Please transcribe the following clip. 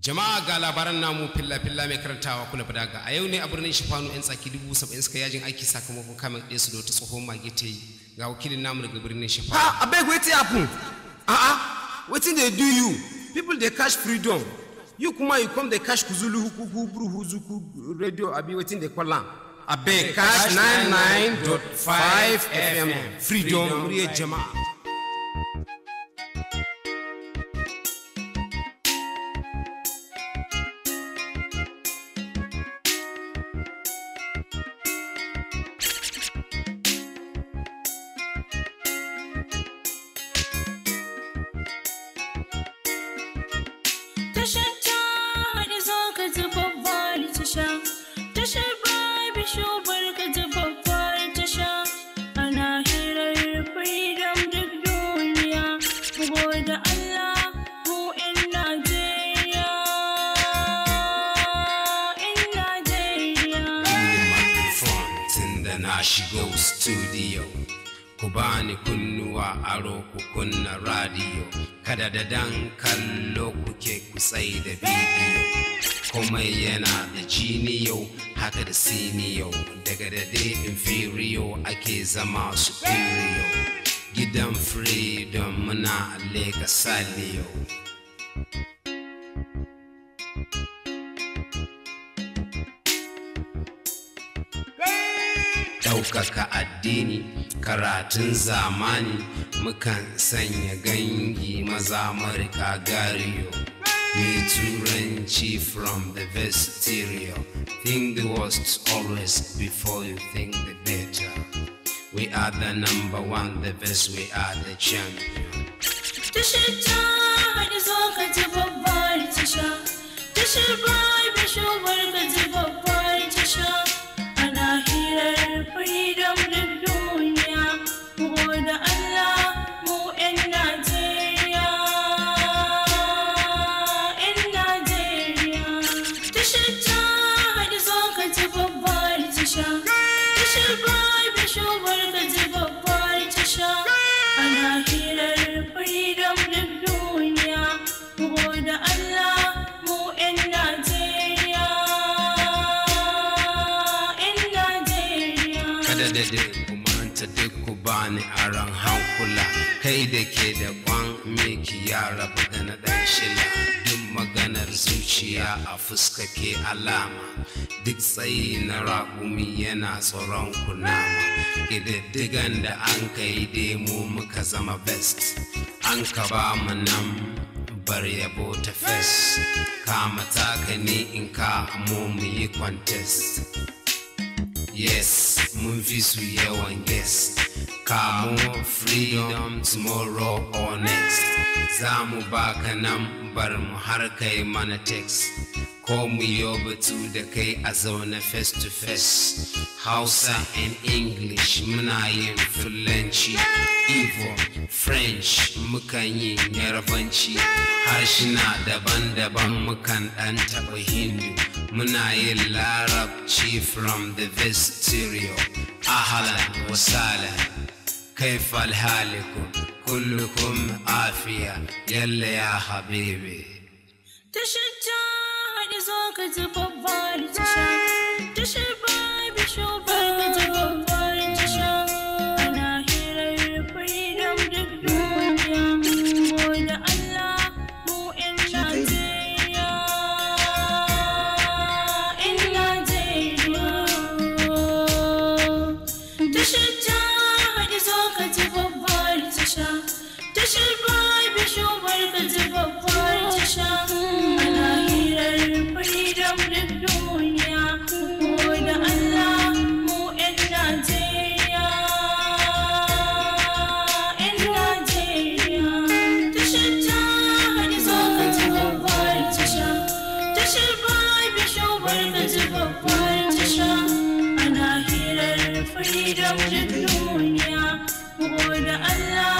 jama'a ga labaran namu filla-filla mai karantawa kula da daga a yau ne a birnin shifanu 'yan tsaki dubu saba'in suka yajin aiki sakamakon kamar ɗaya su da tsohon mage ta yi ga wakilin namu daga birnin shifanu ha abeg wetin happen a'a wetin dey do you people dey cash freedom you kuma you come dey cash kuzulu hukukuburu huzuku radio abi wetin dey call am abeg dot 99.5 fm freedom muryar jama'a tashar ta da zo ka zuba bari tasha tashar babu shubar ka zuba bari tasha ana hirar freedom duk duniya da Allah mu in Najeriya in Najeriya tun da na shigo studio ku bani kunnuwa aro ku kunna radio kada da dan kallo sai da bidiyo kuma yana da jiniyo haka da siniyo daga da dai inferior ake zama superior gidan freedom muna leka saliyo ɗaukaka addini karatun zamani mukan sanya gangi maza marika gariyo Me too wrenchy from the vestirio. Think the worst always before you think the better. We are the number one, the best, we are the champion. This is da kumanta duk ku bani aron hankula kai da ke da kwan miki ya rabu da na dan shila duk maganar zuciya a fuska ke alama duk tsayi na raƙumi yana tsoron kunama ƙididdigan da an kai demo muka zama best an ka ba mu nan bar yabo ta fes kama taka ni in ka mu yi contest yes mój wizu jełań jest kamo freedom tomorrow or next za mu baka nan bar mu har kai mana text ko mu to batu da kai a face to face hausa and english muna yin fulanci ivo french mukan yi yarbanci harshina daban-daban mukan dan hindu muna yin larabci from the vestirio ahalan wasala. كيف الهالكم كلكم عافية يلا يا حبيبي تشجع لزوجك تفضل تشجع تشجع بشوفك تشا تشا الباي بشوف البتفضل تشا مناهير الفريدة من الدنيا وقول الله مو إلا جيا إلا جيا تشا الجاهد صوت التفضل تشا تشا الباي بشوف البتفضل تشا مناهير الفريدة من الدنيا وقول الله